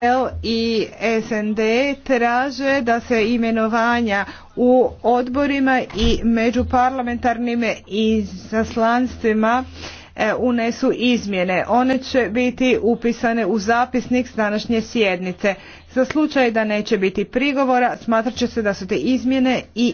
L i SND traže da se imenovanja u odborima i međuparlamentarnim zaslanstvima e, unesu izmjene. One će biti upisane u zapisnik s današnje sjednice. Za slučaj da neće biti prigovora smatrat će se da su te izmjene i